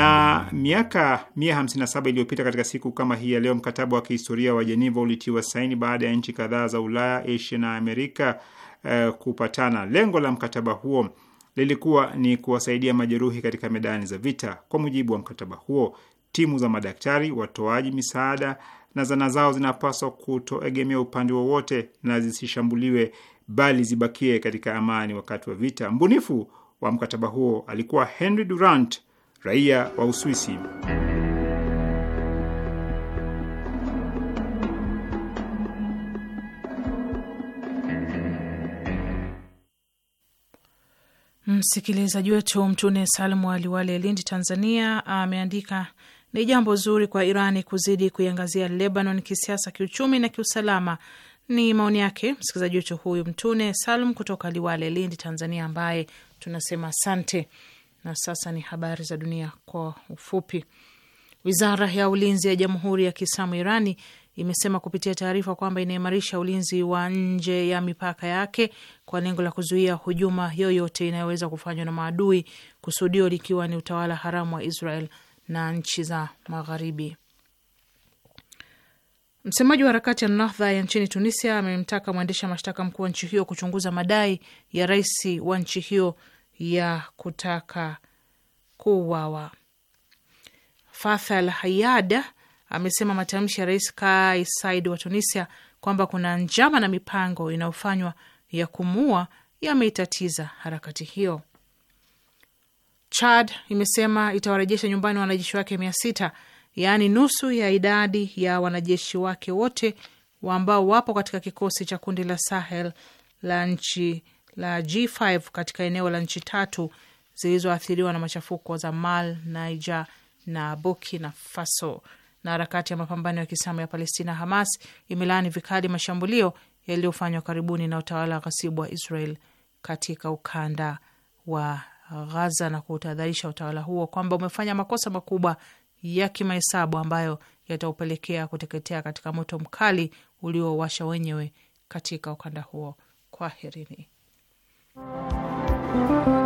Na miaka 157 iliyopita katika siku kama hii ya leo, mkataba wa kihistoria wa Jeneva ulitiwa saini baada ya nchi kadhaa za Ulaya, Asia na Amerika eh, kupatana. Lengo la mkataba huo lilikuwa ni kuwasaidia majeruhi katika medani za vita. Kwa mujibu wa mkataba huo, timu za madaktari, watoaji misaada na zana zao zinapaswa kutoegemea upande wowote na zisishambuliwe, bali zibakie katika amani wakati wa vita. Mbunifu wa mkataba huo alikuwa Henry Durant raia wa Uswisi. Msikilizaji wetu Mtune Salmu Aliwale, Lindi, Tanzania, ameandika ni jambo zuri kwa Irani kuzidi kuiangazia Lebanon kisiasa, kiuchumi na kiusalama. Ni maoni yake msikilizaji wetu huyu Mtune Salmu kutoka Liwale, Lindi, Tanzania, ambaye tunasema asante. Na sasa ni habari za dunia kwa ufupi. Wizara ya ulinzi ya Jamhuri ya Kiislamu Irani imesema kupitia taarifa kwamba inaimarisha ulinzi wa nje ya mipaka yake kwa lengo la kuzuia hujuma yoyote inayoweza kufanywa na maadui, kusudio likiwa ni utawala haramu wa Israel na nchi za Magharibi. Msemaji wa harakati ya Nahdha ya nchini Tunisia amemtaka mwendesha mashtaka mkuu wa nchi hiyo kuchunguza madai ya rais wa nchi hiyo ya kutaka kuuawa. Fathal Hayada amesema matamshi ya rais Kais Saied wa Tunisia kwamba kuna njama na mipango inayofanywa ya kumua yameitatiza harakati hiyo. Chad imesema itawarejesha nyumbani wanajeshi wake mia sita yaani nusu ya idadi ya wanajeshi wake wote ambao wapo katika kikosi cha kundi la Sahel la nchi la G5 katika eneo la nchi tatu zilizoathiriwa na machafuko za mal Niger na Burkina Faso. Na harakati ya mapambano ya Kiislamu ya Palestina, Hamas, imelaani vikali mashambulio yaliyofanywa karibuni na utawala wa ghasibu wa Israel katika ukanda wa Ghaza na kuutahadharisha utawala huo kwamba umefanya makosa makubwa ya kimahesabu ambayo yataupelekea kuteketea katika moto mkali uliowasha wenyewe katika ukanda huo. Kwaherini. Thank you.